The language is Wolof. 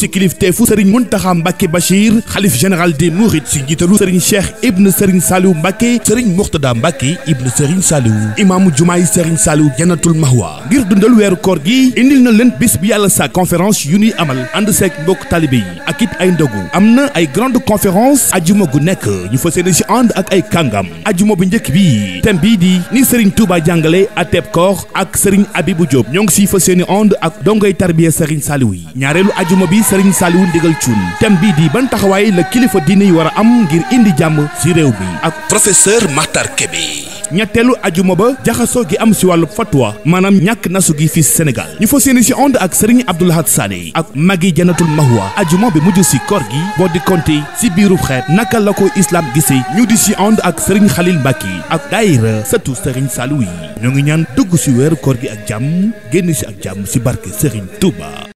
ci kilifteefu sëriñ Muntaxa Mbàkke Bachir xalif général des Mourides ci njiitalu sëriñ Cheikh ibn sëriñ Saliou Mbàkke sëriñ Murtada Mbàkke ibn sëriñ Saliou imaamu jumaay sëriñ Saliou janatul mahwa ngir dundal weeru koor gi indil na leen bis bi yàlla sa conférence yu ñuy amal ànd seeg mbokk taalibé yi ak it ay ndogu am na ay grande conférence ajuma gu nekk ñu fa seeni si ànd ak ay kàngam ajuma bu njëkk bi thème bii di ni sëriñ Touba jàngale ateb koor ak sëriñ Abibou Diop ñoo ngi siy fa seeni ànd ak dongoy tarbiya sëriñ Saliou yi ñaareelu ajuma bi Serigne Saliou Ndigal Thioune thème bii di ban taxawaay la kilifa diine yi war a am ngir indi jàmm ci réew mi ak professeur Makhtar Kébé. ñetteelu ajuma ba jaxasoo gi am si wàllu fatwa maanaam ñàkk nasu gi fii Sénégal ñu fa yéene si ond ak Serigne Abdoul Ahad Sané ak magi janatul mahwa ajuma bi mujj si kor gi boo di konte si biiru xeet naka la ko islaam gisee ñu di si ond ak Serigne Khalil Mbacke ak daayira sëtu Serigne Saliou yi ñoo ngi ñaan dugg si weeru koor gi ak jàmm génn si ak si barke Serigne Touba